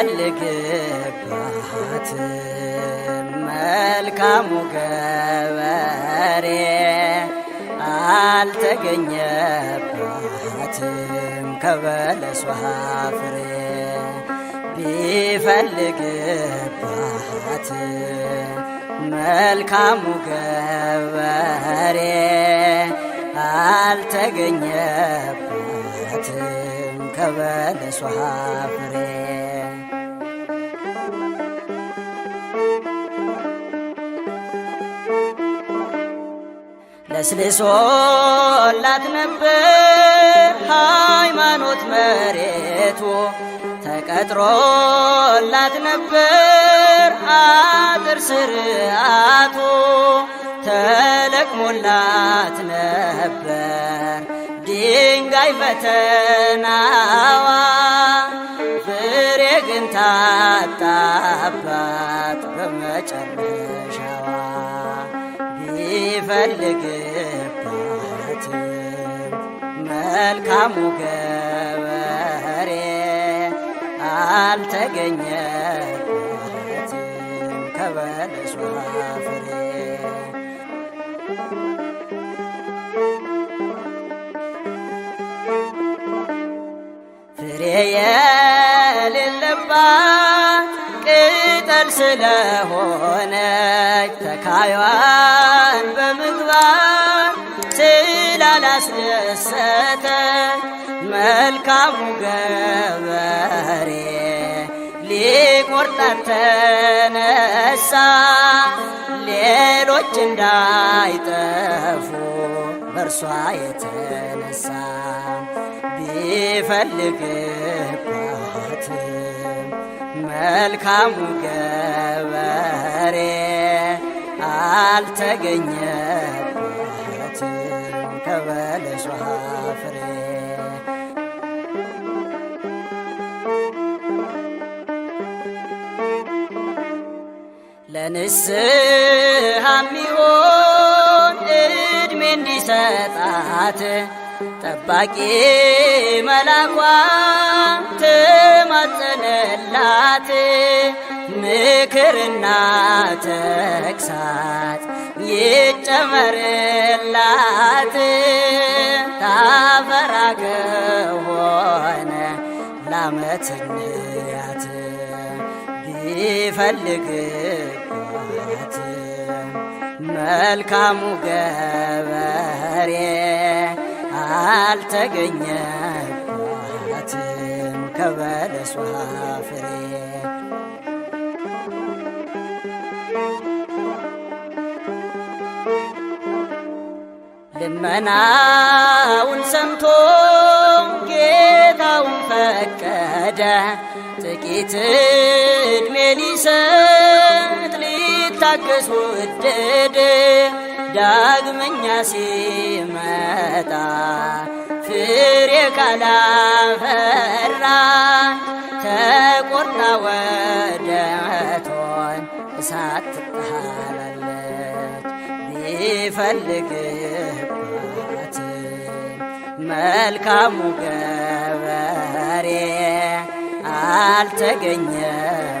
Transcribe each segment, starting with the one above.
የሚፈልግባት መልካሙ ገበሬ አልተገኘባትም ከበለሷ ፍሬ ቢፈልግባት መልካሙ ገበሬ አልተገኘባትም ከበለሷ ፍሬ ለስልሶላት ነበር ሃይማኖት መሬቱ ተቀጥሮላት ነበር አጥር ስርዓቱ ተለቅሞላት ነበር ድንጋይ ፈተናዋ ፍሬ ግን ታጣባት ያልገባት መልካሙ ገበሬ አልተገኘባትም ከበለሷ ፍሬ ፍሬ የሌለባት ቅጠል ስለሆነች ተካዩዋ ያስደሰተ መልካሙ ገበሬ ሊቆርጣት ተነሳ፣ ሌሎች እንዳይጠፉ በእርሷ የተነሳ ቢፈልግባት መልካሙ ገበሬ አልተገኘ ለንስሐ የሚሆን እድሜ እንዲሰጣት ጠባቂ መላኳ ትማጸነላት ምክርና ተግሳጽ ይጨመርላት ታፈራ ከሆነ ላመትንያት ቢፈልግ መልካሙ ገበሬ አልተገኘባትም ከበለሷ ፍሬ ልመናውን ሰምቶ ጌታውን ፈቀደ ጥቂት ዕድሜ ሊሰ ሊታገስ ወደደ። ዳግመኛ ሲመጣ ፍሬ ካላፈራ ተቆርጣ ወደ እቶን እሳት ትጣላለች። ቢፈልግባት መልካሙ ገበሬ አልተገኘም።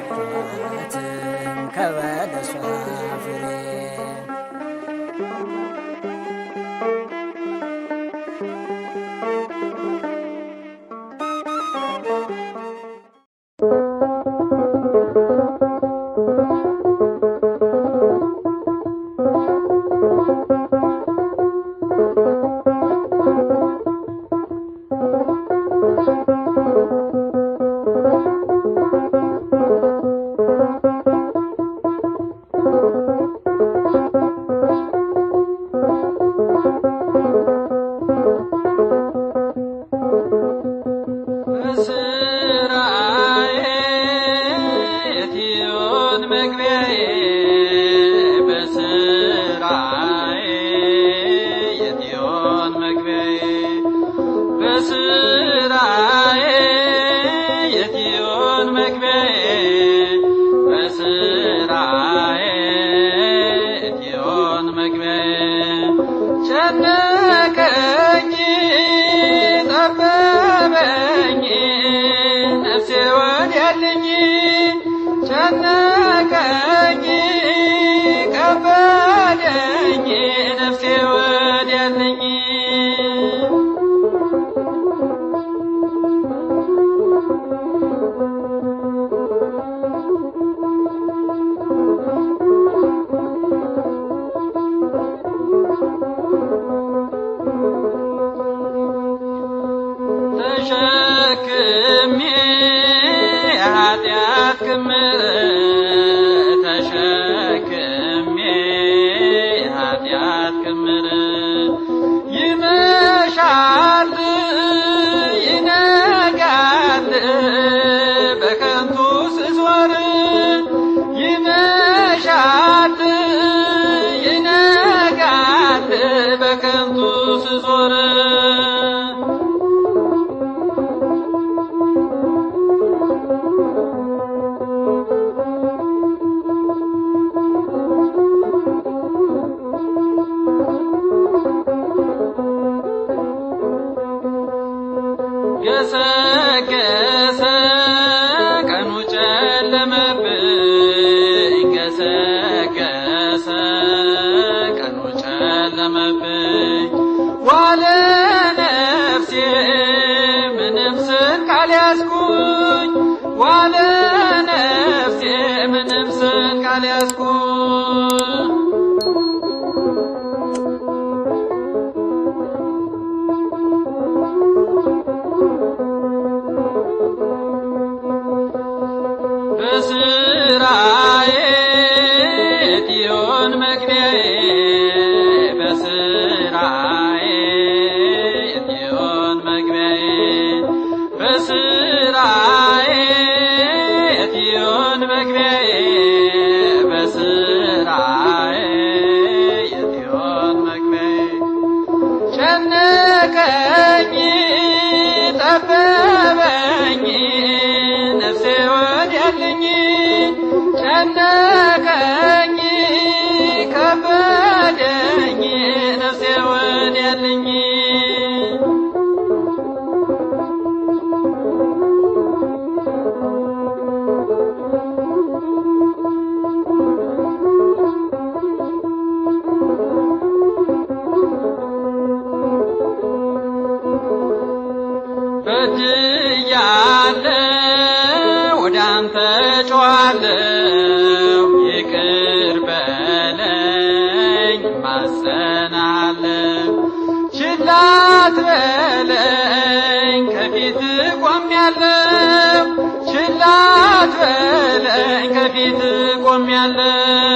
ቃልያስኩኝ ዋለ ነፍሴ ምንም ስል ቃልያስኩኝ And.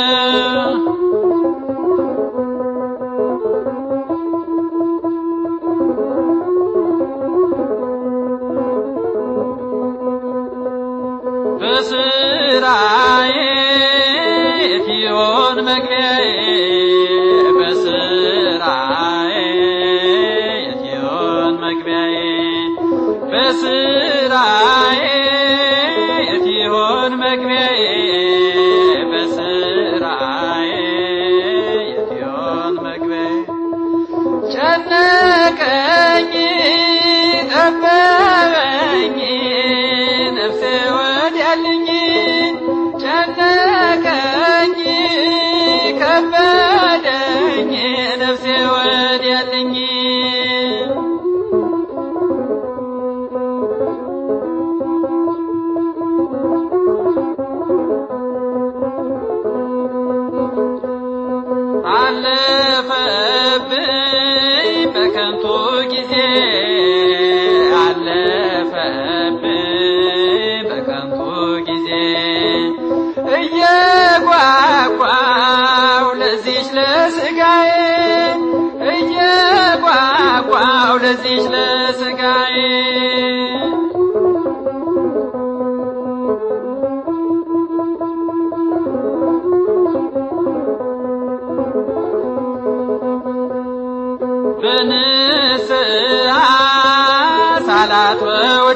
you.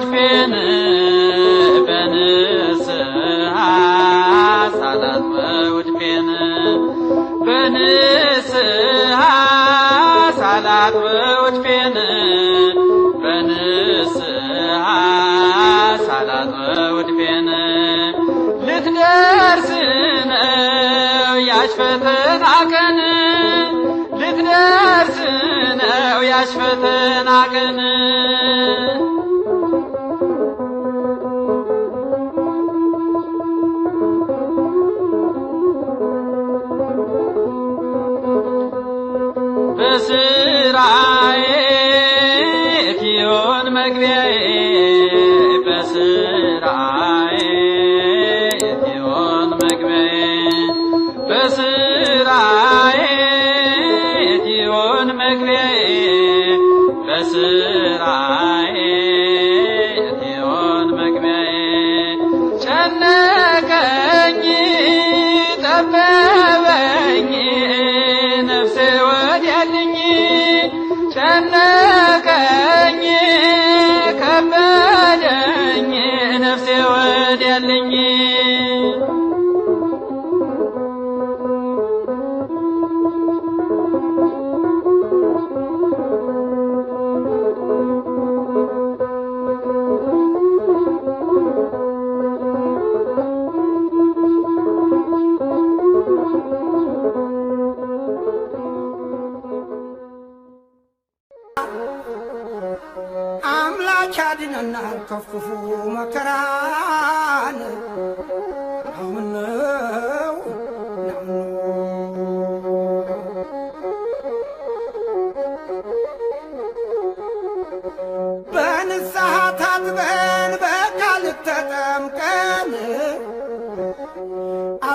ጆሮችህን በንስሐ በንስሐ በንስሐ ልትደርስ ነው ያች ፈተና ቀን ልትደርስ ነው ያች ፈተና ቀን Amen.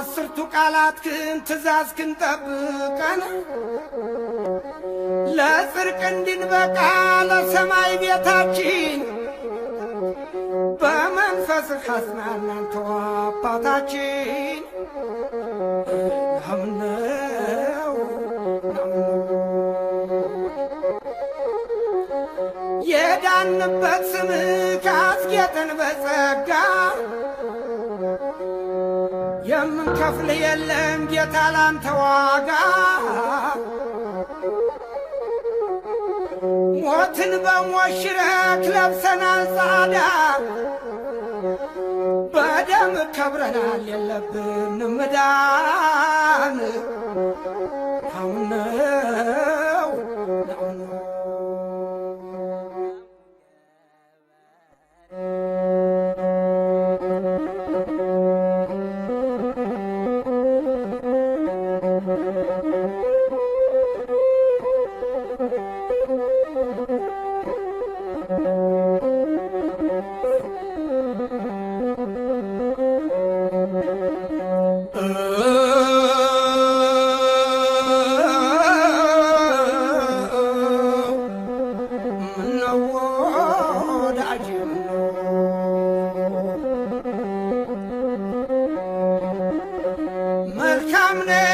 አስርቱ ቃላትህን ትእዛዝህን ጠብቀን ለጽድቅ እንድንበቃ ለሰማይ ቤታችን በመንፈስህ አጽናናን አባታችን። አምነው የዳንበት ስምህ ካስጌጠን በጸጋ የምከፍልህ የለም ጌታ ላንተ ዋጋ ሞትን በሞት ሽረት ለብሰናል ጻዳ በደም ከብረናል የለብንም ምዳን Мне.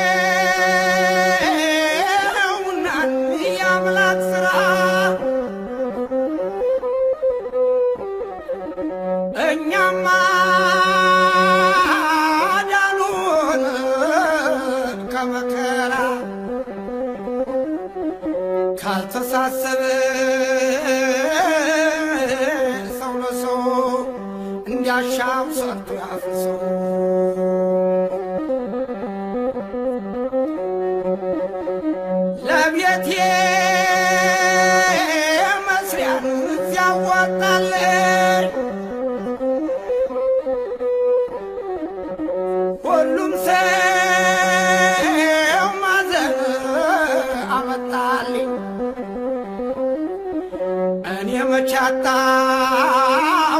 ልጆች አጣፉ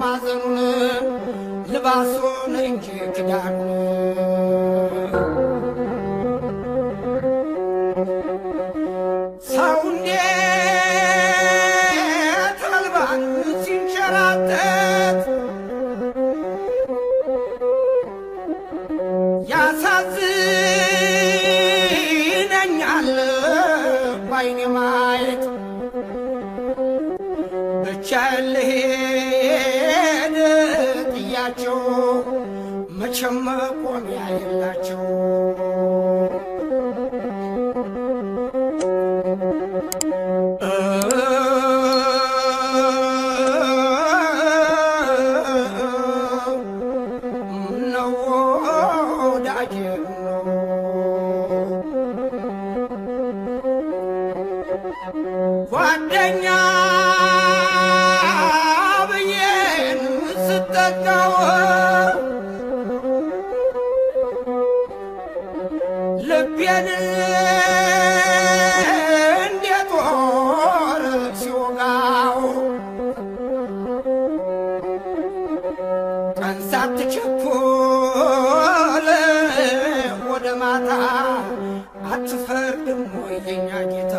ማዘኑን ልባሱን እንጂ ክዳኑ በማታ አትፈርድም ወይ የኛ ጌታ?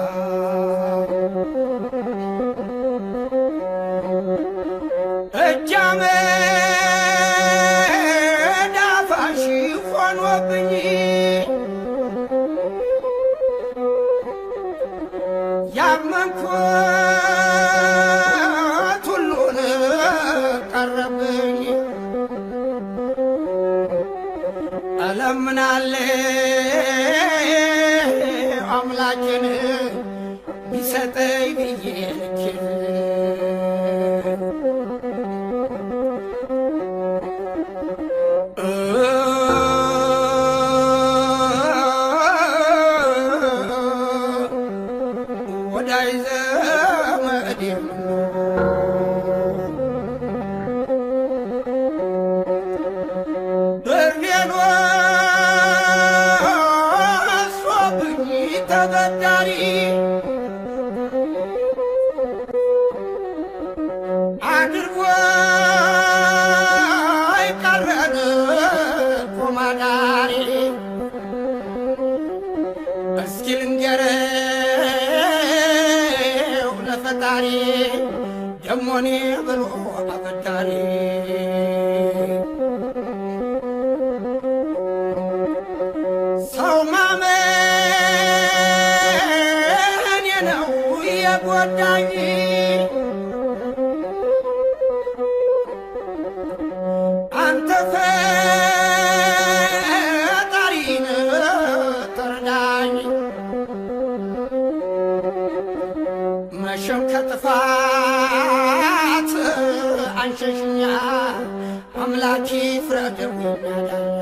የጎዳኝ አንተ ፈጣሪን ተርዳኝ። መሸም ከጥፋት አንሸሽኛ አምላኪ ይናዳኝ